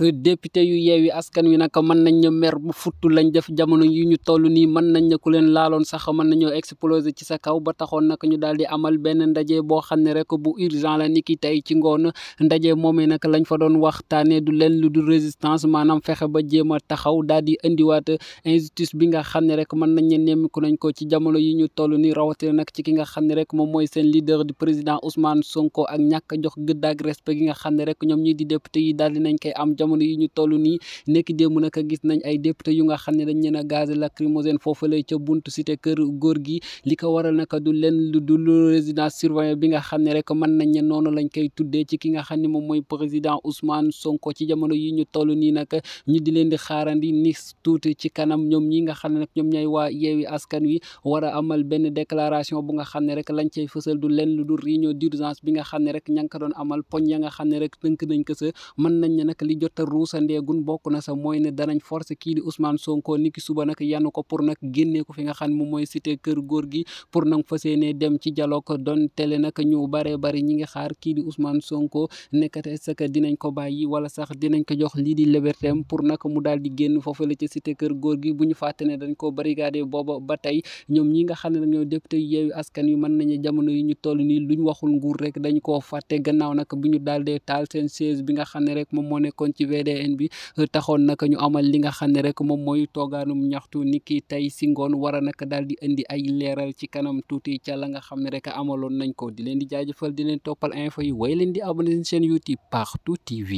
député yu yeewi askan wi naka mën nañ ñu mer bu futtu lañ def jamono yi ñu toll nii mën nañ ña ku leen laaloon sax mën nañoo exploser ci sa kaw ba taxoon nag ñu daal di amal benn ndaje boo xam ne rek bu urgent la niki tey ci ngoon ndaje moomee nag lañ fa doon waxtaanee du leen lu du résistance maanaam fexe ba jéem a taxaw daal di indiwaat injustice bi nga xam ne rek mën nañ ñeen nemmiku nañ ko ci jamono yi ñu toll ni rawatina nag ci ki nga xam ne rek moom mooy seen leader di président Ousmane Sonko ak ñàkk jox gëdd respect gi nga xam ne rek jamono yi ñu toll nii nekk démb ay député yu nga xam ne dañ leen a gaz lacrymogène foofu lay ca góor gi li ko waral nag du leen lu du résidence surveillée bi nga xam ne rek mën nañ ne noonu lañ koy tuddee ci ki nga xam ne moom mooy président Ousmane Sonko ci jamono yi ñu toll nii nag ñu di leen di xaarandi ni tuuti ci kanam ñoom ñi nga xam ne nag ñoom ñooy waa yeewi askan wi war amal benn déclaration bu nga xam ne rek lañ cay fësal du leen lu dul réunion d'urgence bi nga xam ne rek ña nga ko doon amal poñ ya nga xam ne li jot te ruusandeegun bokk na sa mooy ne danañ forcé kii di Ousmane Sonko niki suba nag yann ko pour nag génnee ko fi nga xam ne moom mooy cité kër góor gi pour nag fas yéenee dem ci dialogue doon tele nag ñu bare bari ñi ngi xaar kii di Ousmane Sonko nekkate sa ka ko bàyyi wala sax dinañ ko jox lii di liberté am pour nag mu daal di génn foofu la ci cité kër góor gi bu ñu fàtte ne dañ ko barricadé booba ba tey ñoom ñi nga xam ne nag ñoo député yeewu askan yi mën nañu jamono yi ñu toll nii ñu waxul nguur rek dañ ko fàtte gannaaw nag bu ñu daal dee taal seen siège bi nga xam ne rek moom moo nekkoon ci ci VDN bi taxoon naka ñu amal li nga xam ne rek moom mooy toogaanum ñaxtu ni ki tey si ngoon war a nag daal di indi ay leeral ci kanam tuuti ca la nga xam ne rek amaloon nañ ko di leen di jaajëfal di leen toppal info yi way leen di abonné seen chaîne YouTube Partout TV